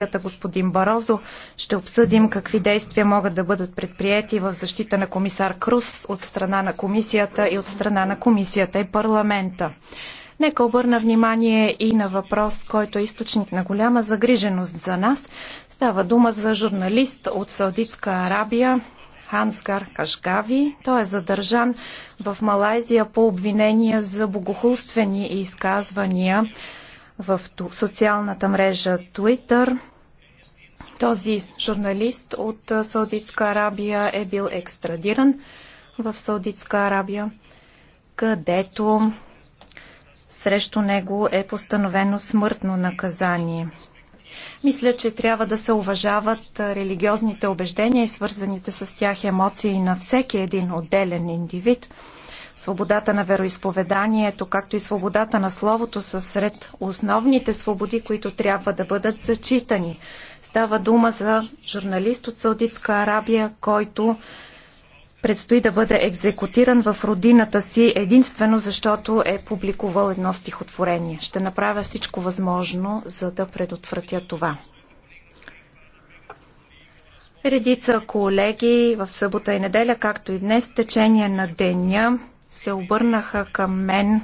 комисията господин Барозо ще обсъдим какви действия могат да бъдат предприяти в защита на комисар Крус от страна на комисията и от страна на комисията и парламента. Нека обърна внимание и на въпрос, който е източник на голяма загриженост за нас. Става дума за журналист от Саудитска Арабия, Ханскар Кашгави. Той е задържан в Малайзия по обвинения за богохулствени изказвания в социалната мрежа Twitter. Този журналист от Саудитска Арабия е бил екстрадиран в Саудитска Арабия, където срещу него е постановено смъртно наказание. Мисля, че трябва да се уважават религиозните убеждения и свързаните с тях емоции на всеки един отделен индивид. Свободата на вероисповеданието, както и свободата на словото са сред основните свободи, които трябва да бъдат зачитани. Става дума за журналист от Саудитска Арабия, който предстои да бъде екзекутиран в родината си единствено защото е публикувал едно стихотворение. Ще направя всичко възможно, за да предотвратя това. Редица колеги в събота и неделя, както и днес, течение на деня, се обърнаха към мен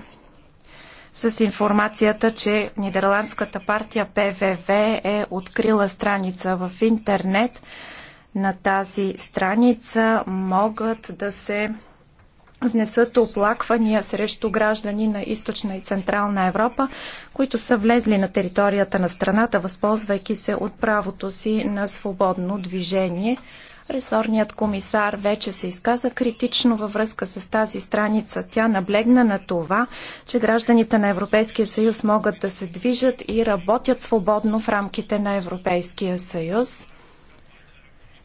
с информацията, че нидерландската партия ПВВ е открила страница в интернет. На тази страница могат да се внесат оплаквания срещу граждани на източна и централна Европа, които са влезли на територията на страната, възползвайки се от правото си на свободно движение. Ресорният комисар вече се изказа критично във връзка с тази страница. Тя наблегна на това, че гражданите на Европейския съюз могат да се движат и работят свободно в рамките на Европейския съюз.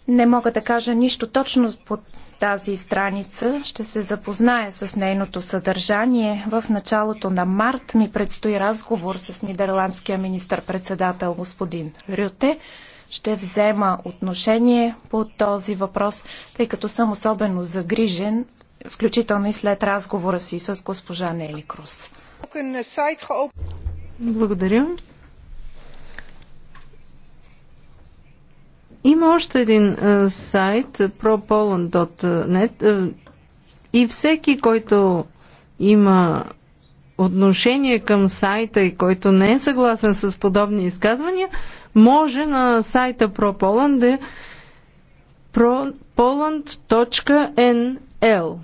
Не мога да кажа нищо точно под тази страница. Ще се запозная с нейното съдържание. В началото на март ми предстои разговор с нидерландския министър-председател господин Рюте ще взема отношение по този въпрос, тъй като съм особено загрижен, включително и след разговора си с госпожа Нели Крус. Благодаря. Има още един е, сайт propoland.net е, и всеки, който има отношение към сайта и който не е съгласен с подобни изказвания, може на сайта ProPoland е propoland.nl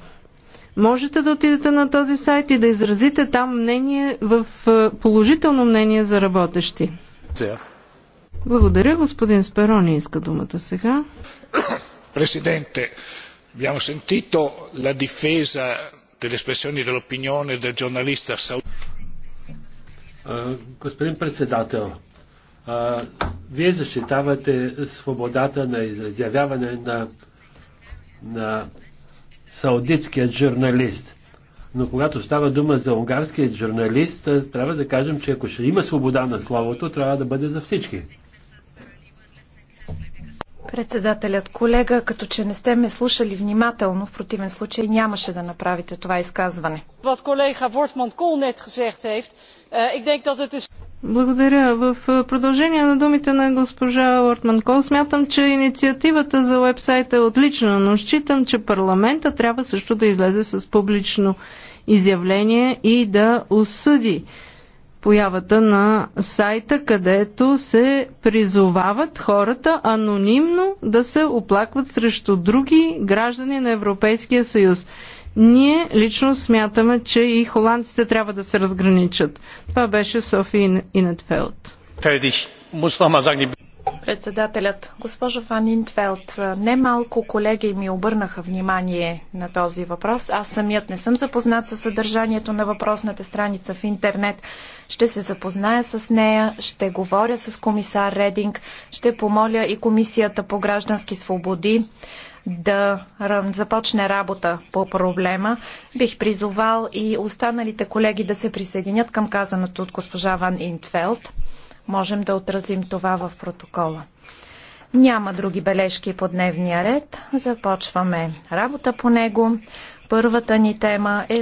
Можете да отидете на този сайт и да изразите там мнение в е, положително мнение за работещи. Благодаря, господин Сперони иска думата сега. Президенте, abbiamo sentito la difesa delle espressioni dell'opinione del giornalista е, Господин председател, а, вие защитавате свободата на изявяване на, на саудитският журналист. Но когато става дума за унгарският журналист, трябва да кажем, че ако ще има свобода на словото, трябва да бъде за всички. Председателят, колега, като че не сте ме слушали внимателно, в противен случай нямаше да направите това изказване. Wat collega Wortman Kool net gezegd heeft, eh, ik denk dat het is... Благодаря. В продължение на думите на госпожа Ортман Кол, смятам, че инициативата за вебсайта е отлична, но считам, че парламента трябва също да излезе с публично изявление и да осъди появата на сайта, където се призовават хората анонимно да се оплакват срещу други граждани на Европейския съюз. Ние лично смятаме, че и холандците трябва да се разграничат. Това беше Софи Инетфелд. Председателят, госпожо Фан Интфелд, немалко колеги ми обърнаха внимание на този въпрос. Аз самият не съм запознат със съдържанието на въпросната страница в интернет. Ще се запозная с нея, ще говоря с комисар Рединг, ще помоля и Комисията по граждански свободи да започне работа по проблема. Бих призовал и останалите колеги да се присъединят към казаното от госпожа Ван Интфелд. Можем да отразим това в протокола. Няма други бележки по дневния ред. Започваме работа по него. Първата ни тема е